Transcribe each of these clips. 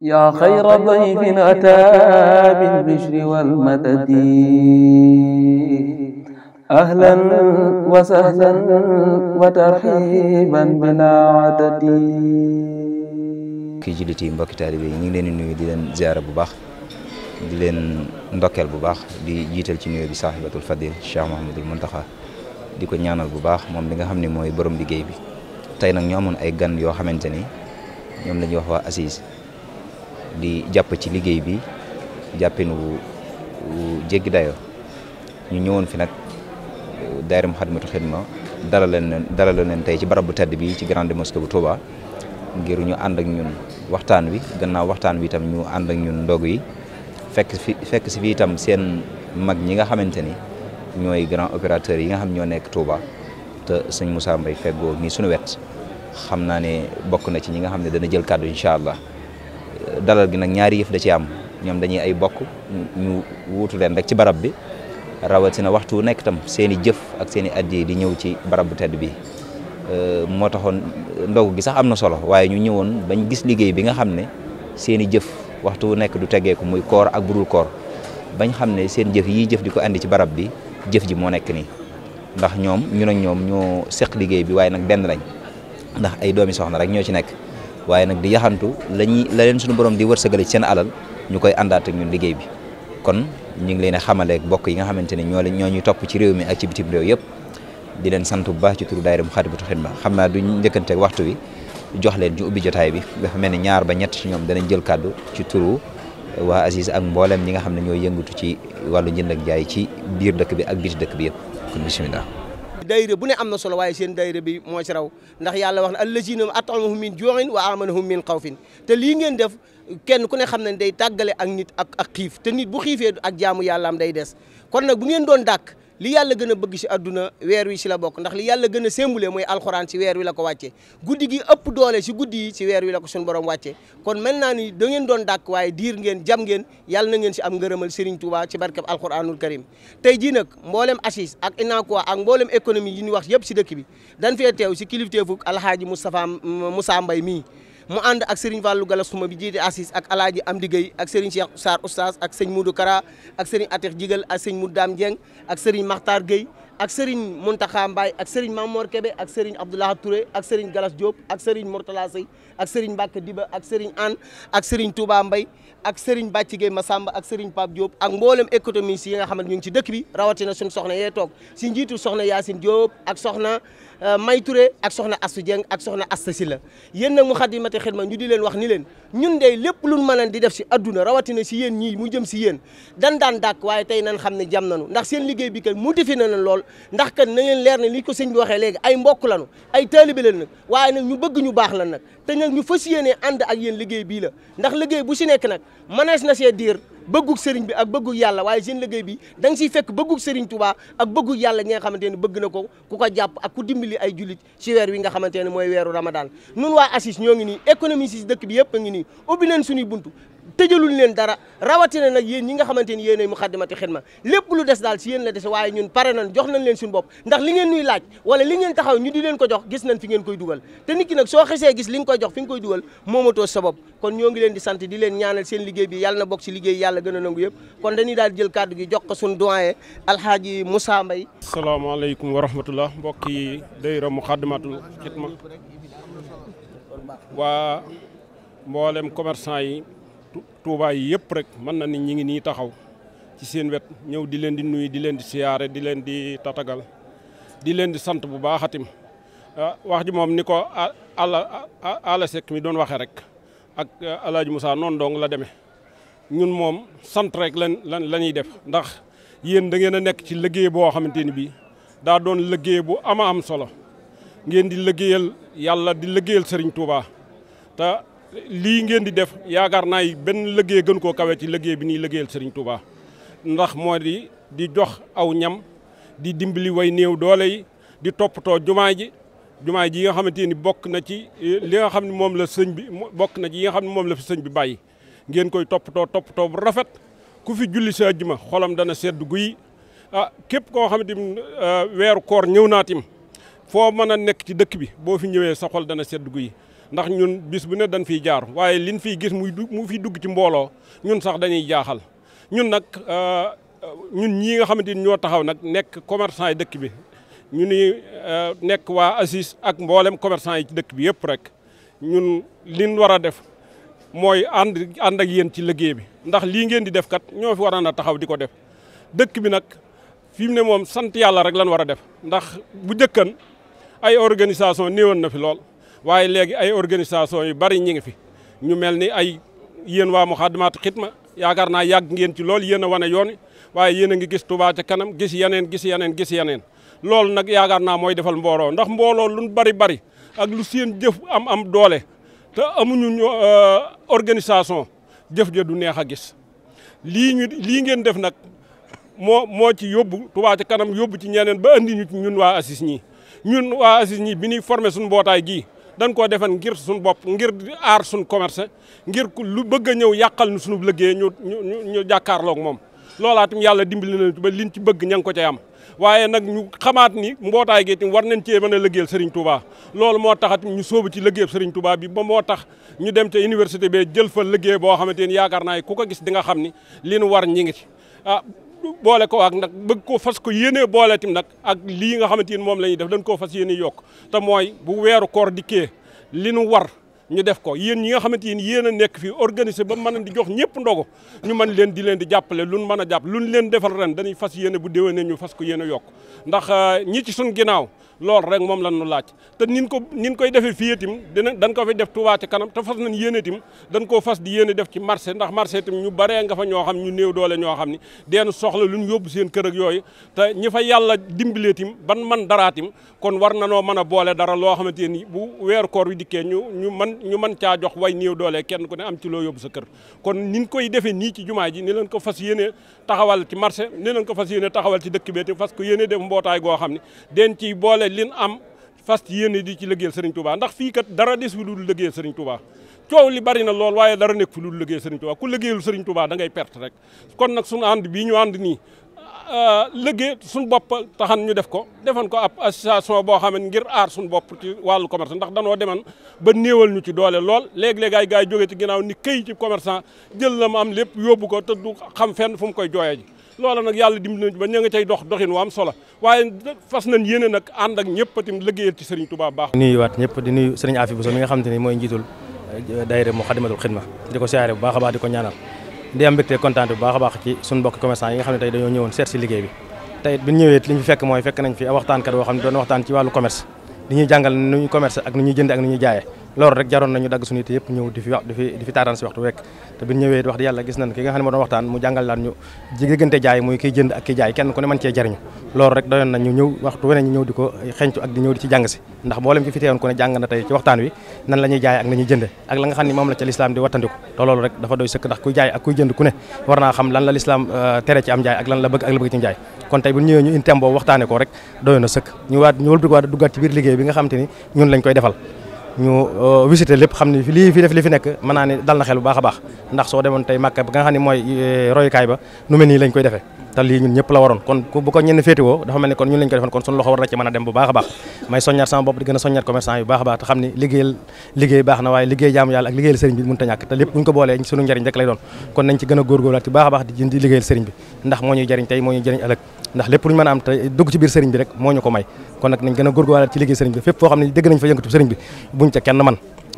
yaa xayra dayfin ataa bil bishri wal madadi ahlan wa sahlan wa tarxiiban bilaa adadi kii jullit mbokki taalibe yi ñu ngi leen di nuyu di leen ziyaara bu baax di leen ndokkeel bu baax di jiital ci nuyoo bi saaxibatul fadil Cheikh Mouhamadul Muntaxa di ko ñaanal bu baax moom li nga xam ne mooy borom liggéey bi tey nag ñoo amoon ay gan yoo xamante ni ñoom la ñuy wax waa di jàpp ci liggéey bi jàppin wu jéggi dayo ñu ñëwoon fi nag daayira Moukhaddamatoul Khidma dalal leen dalal leen tey ci barabu tedd bi ci grande mosquée bu Touba ngir ñu ànd ak ñun waxtaan wi gannaaw waxtaan wi itam ñu ànd ak ñun ndog yi fekk fi fekk si fi itam seen mag ñi nga xamante ni ñooy grand opérateur yi nga xam ñoo nekk Touba te sëñ Moussa Mbaye feggoo nii sunu wet xam naa ne bokk na ci ñi nga xam ne dana jël kàddu incha allah. dalal gi nag ñaari yëf da ci am ñoom dañuy ay bokk ñu wuutu leen rek ci barab bi rawatina waxtu wu nekk tam seen i jëf ak seeni i addiya di ñëw ci barab bu tedd bi moo taxoon ndogu gi sax am na solo waaye ñu ñëwoon bañ gis liggéey bi nga xam ne seeni jëf waxtu wu nekk du tegeeku muy koor ak budul koor bañ xam ne seen jëf yi jëf di ko andi ci barab bi jëf ji moo nekk nii ndax ñoom ñu ne ñoom ñoo seq liggéey bi waaye nag benn lañ ndax ay doomi soxna rek ñoo ci nekk waaye nag di yaxantu la ñuy la leen suñu borom di wërsëgale ci seen alal ñu koy àndaat ak ñun liggéey bi kon ñu ngi leen a xamaleek bokk yi nga xamante ne ñoo leen ñoo ñuy topp ci réew mi ak ci bitim yëpp di leen sant bu baax ci turu daayira Moukhaddamatoul Khidma xam naa duñ njëkkanteeg waxtu wi jox leen ñu ubbi jotaay bi dafa mel ne ñaar ba ñett ci ñoom danañ jël kàddu ci turu waa Aziz ak mboolem ñi nga xam ne ñoo yëngatu ci wàllu njënd ak jaay ci biir dëkk bi ak biti dëkk bi yëpp kon bisimilah daayira bu ne am na solo waaye seen daayira bi moo ci raw ndax yàlla wax na allazina atamahum min juu'in wa amanahum min xawfin te lii ngeen def kenn ku ne xam ne day tàggale ak nit ak xiif te nit bu xiifee ak jaamu yàllaam day des kon nag bu ngeen doon dàkk li yàlla gën a bëgg ci àdduna weer wi si la bokk ndax li yàlla gën a sémbule mooy alxuraan si weer wi la ko wàccee guddi gi ëpp doole ci guddi yi ci weer wi la ko suñu borom wàccee kon mel naa ni da ngeen doon dàkk waaye diir ngeen jam ngeen yàlla na ngeen ci am ngërëmal Serigne Touba ci barkeb alxuraanul karim tey jii nag mboolem assise ak inaakuwa ak mboolem économie yi ñuy wax yëpp si dëkk bi dan fee teew ci kilifteefuk alhaaji Moustapha Moussa Mbaye mii mu ànd ak Serigne Fallou Galassuma bi jiite Assis ak alaaji Amdi Gueye ak Serigne Cheikh Sarr Oustaz ak sëñ Moudou Kara ak Serigne Atex Jigal ak sëñ mu Dame Dieng ak Serigne maxtaar Gueye ak Serigne Mountakha Mbaye ak Serigne Mamour Kébé ak Serigne Abdoulaye Touré ak Serigne Galas Diop ak Serigne Mourtala Sey ak Serigne Mbacke Diba ak Serigne Anne ak Serigne Touba Mbaye ak Serigne Bàcci Gueye Massamba ak Serigne Pape Diop ak mboolem économistes yi nga xam ne ñu ngi ci dëkk bi rawatina suñu soxna yee toog si njiitu soxna Yacine Diop ak soxna May Touré ak soxna Astou Dieng ak soxna Asta Sylla yéen nag Moukhaddamatoul Khidma ñu di leen wax ni leen ñun de lépp luñ mënan di def si adduna rawatina si yéen ñii mu jëm si yéen dan daan dàkk waaye tey nan xam ne jam nanu ndax seen liggéey bi kay modifié na lool ndax kat na leen leer ne li ko sëñ bi waxee léegi ay mbokk lanu ay taalibe lañ nag waaye nag ñu bëgg ñu baax la nag te nag ñu fas yéenee ànd ak yéen liggéey bii la ndax liggéey bu si nekk nag mënees na see diir bëgg sëriñ bi ak bëgg yàlla waaye seen liggéey bi da nga siy fekk bëggug sëriñ Tuubaa ak bëgg yàlla ñi nga xamante ne bëgg na ko ku ko jàpp ak ku dimbali ay jullit si weer wi nga xamante ne mooy weeru Ramadan nun waa ACIS ñoo ngi ni économie si dëkk bi yëpp a ngi nii ubbi suñuy buntu tëjalul leen dara rawatina nag yéen ñi nga xamante ni yéenay Moukhaddamatoul Khidma lépp lu des daal si yéen la des waaye ñun pare nañ jox nañ leen suñu bopp ndax li ngeen ñuy laaj wala li ngeen taxaw ñu di leen ko jox gis nañ fi ngeen koy dugal te nit ki nag soo xesee gis li nga koy jox fi nga koy dugal moomatoo sa bopp kon ñoo ngi leen di sant di leen ñaanal seen liggéey bi yàlla na bokk si liggéey yàlla gën a nangu yëpp kon dañuy daal jël kàddu gi jox ko suñu doyen alhaaji Moussa Mbaye salaamaaleykum wa rahmatullah mbokk yi dayra Moukhaddamatoul Khidma waa mboolem commerçant yi Touba yi yëpp rek mën na ni ñi ngi nii taxaw ci seen wet ñëw di leen di nuyu di leen di siyaare di leen di tatagal di leen di sant bu baaxatim ah, wax ji moom ni ko ala ala sek mi doon waxee rek ak eh, alaaji Moussa noon dong la demee ñun moom sant rek lan lan la ñuy def ndax yéen da ngeen a nekk ci liggéey boo xamante ni bii daa doon liggéey bu ama am solo ngeen di liggéeyal yàlla di liggéeyal sëriñ Touba te lii ngeen di def yaakaar naa yi benn liggéey gën koo kawee ci liggéey bi ñuy liggéeyal Serigne Touba ndax moo di di jox aw ñam di dimbali way néew doole yi di toppatoo jumaa ji jumaa ji yi nga xamante ni bokk na ci li nga xam ne moom la sëñ bi bokk na yi nga xam ne moom la fi sëñ bi bàyyi ngeen koy toppatoo toppatoo bu rafet ku fi julli sa ma xolam dana sedd guyi ah képp koo xamante ni ah, weeru koor ñëw naa tim foo mën a nekk ci dëkk bi boo fi ñëwee sa xol dana sedd guyi ndax ñun bis bu ne dañ fiy jaar waaye liñ fiy gis muy mu fi dugg ci mbooloo ñun sax dañuy jaaxal ñun nag euh, ñun ñii nga xamante ni ñoo taxaw nag nekk commerçant yi dëkk bi ñu ni euh, nekk waa ACIS ak mboolem commerçant yi ci dëkk bi yëpp rek ñun liñ war a def mooy ànd ànd ak yéen ci liggéey bi ndax lii ngeen di def kat ñoo fi waroon a taxaw di ko def dëkk bi nag fi mu ne moom sant yàlla rek lan war a def ndax bu njëkkan ay organisation néewoon na fi lool waaye léegi ay organisation yu bari ñi ngi fi ñu mel ni ay yéen waa Moukhaddamatoul ma yaakaar naa yàgg ngeen ci lool yéen wane yoon waaye yéen a ngi gis Touba ca kanam gis yeneen gis yeneen gis yeneen loolu nag yaakaar naa mooy defal mbooroo ndax mbooloo lu bari bari ak lu seen jëf am am doole te amuñu euh, organisation jëf ja du neex a gis lii ñu lii ngeen def nag moo moo ci yóbbu Touba ci kanam yóbbu ci ñeneen ba andi ñu ci ñun waa ACIS ñi ñun waa ACIS ñii bi ñuy formé suñu mbootaay gii dañ koo defan ngir suñu bopp ngir aar suñu commerce ngir lu bëgg ñëw yàqal nu suñu liggéey ñu ñu ñu jàkkaarloog moom loolaa tam yàlla dimbali na ba liñ ci bëgg ña ngi ko cay am waaye nag ñu xamaat ni mbootaay gi tam war nañ cee mën a liggéeyal Serigne Touba loolu moo taxat ñu sóobu ci liggéeyal Serigne Touba bi ba moo tax ñu dem ca université bee jël fa liggéey boo xamante ni yaakaar naa ku ko gis di nga xam ni li nu war ñi ngi ci ah boole ko ak nag bëgg ko fas ko yéenee boole tim nag ak lii nga xamante ni moom la ñuy def dañ koo fas yéene yokk te mooy bu weeru koor dikkee li nu war ñu def ko yéen ñi nga xamante ni yéen a nekk fii organisé ba mën a di jox ñëpp ndogu ñu mën leen di leen di jàppale luñ mën a jàpp luñ leen defal ren dañuy fas yéene bu déwénee ñu fas ko yéene yokk ndax euh, ñi ci suñ ginnaaw loolu rek moom lan nu laaj te nin ko nin koy defee fii itam dina dañ ko def Touba ci kanam te fas nañ yéene itam dañ koo fas di yéene def ci marché ndax marché itam ñu bare nga fa ñoo xam ñu néew doole ñoo xam ni deen soxla lu ñu yóbbu seen kër ak yooyu te ñi fa yàlla dimbalee itam ban man daraa itam kon war na noo mën a boole dara loo xamante ni bu weeru koor wi dikkee ñu ñu man ñu mën caa jox way néew doole kenn ku ne am ci loo yóbbu sa kër kon nin koy defee nii ci jumaa ji ni leen ko fas yéene taxawal ci marché ni leen ko fas yéene taxawal ci dëkk bi te fas ko yéene def mbootaay goo xam ne den ci boole lin am fas yéene di ci liggéeyal Serigne Touba ndax fii kat dara des fi lu dul liggéeyal Serigne Touba coow li bari na lool waaye dara nekk fi lu dul liggéeyal Serigne Touba ku liggéeyul Serigne Touba da ngay perte rek kon nag suñu ànd bii ñu ànd nii euh, liggéey suñu bopp taxan ñu def ko defoon ko ab association boo xam ne ngir aar suñu bopp ci wàllu commerce ndax danoo deman ba néewal ñu ci doole lool léeg-léeg ay gars yi jógee ci ginnaaw ni këy ci commerçant jël la am lépp yóbbu ko te du xam fenn fu mu koy jooyee ji loola nag yàlla dimbali nañ ba ña nga cay dox doxin waam solo waaye fas nañ yéene nag ànd ak ñëpp itam liggéeyal ci sëriñ Touba baax nuyuwaat ñëpp di nuyu sëriñ Afi Bousso mi nga xam te mooy njiitul eh, daayira mu xadimatul xidma di ko siyaare baax a baax di ko ñaanal di am mbégte kontaan bu baax a baax ci suñu mbokk commerçant yi nga xam tey dañoo ñëwoon seet si liggéey bi tey bi ñu ñëwee li ñu fi fekk mooy fekk nañ fi waxtaankat boo xam ne doon ak nu ñuy loolu rek jaroon nañu dagg suñu yitte yëpp ñëw di fi si waxtu wekk te bi ñëwee wax di yàlla gis nañ ki nga xam ne moo doon waxtaan mu jàngal laan ñu diggante jaay muy kiy jënd ak kiy jaay kenn ku ne mën cee ñëw ko xencu ñëw di ci jàng si ndax mboolem ki na tey ci wi nan la ñuy jaay ak la ñuy ak la nga moom la ca lislaam di wattandiku te loolu rek dafa doy sëkk ndax kuy jaay ak kuy jënd ku ne war naa xam lan la lislaam euh, tere ci am jaay ak lan la bëgg ci jaay kon tey bu ñëwee ñu in thème waxtaane ko rek doyoon na sëkk ñu waat ñu wëlbatiwaat duggaat ci biir liggéey bi nga xam te ni ñun lañ koy defal ñu euh, visité lépp xam ni lii fi def li fi nekk mën naa ne dal na xel bu baax a baax ndax soo demoon tey màkk ba nga xam ne mooy euh, royukaay ba nu mel nii lañ koy defee te lii ñun ñëpp la waroon kon bu ko ñenn féetewoo dafa mel ni kon ñun lañ ko defoon kon suñu loxo war na ci a dem bu baax baax may soññaat sama bopp di gën a soññaat ci liggéey sëriñ bi fépp foo xam ne dégg nañ fa yëngatu sëriñ bi buñ ca kenn man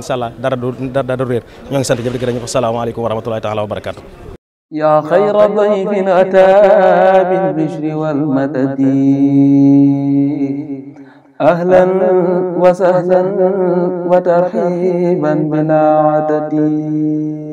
incha allah dara du dara du réer ñoo ngi sant ñëpp di gërëm salaamaaleykum wa rahmatullahi taala wa barakaatu. yaa xayra dayfin ataa bil bishri wal madadi ahlan wa sahlan wa tarhiiban bilaa adadi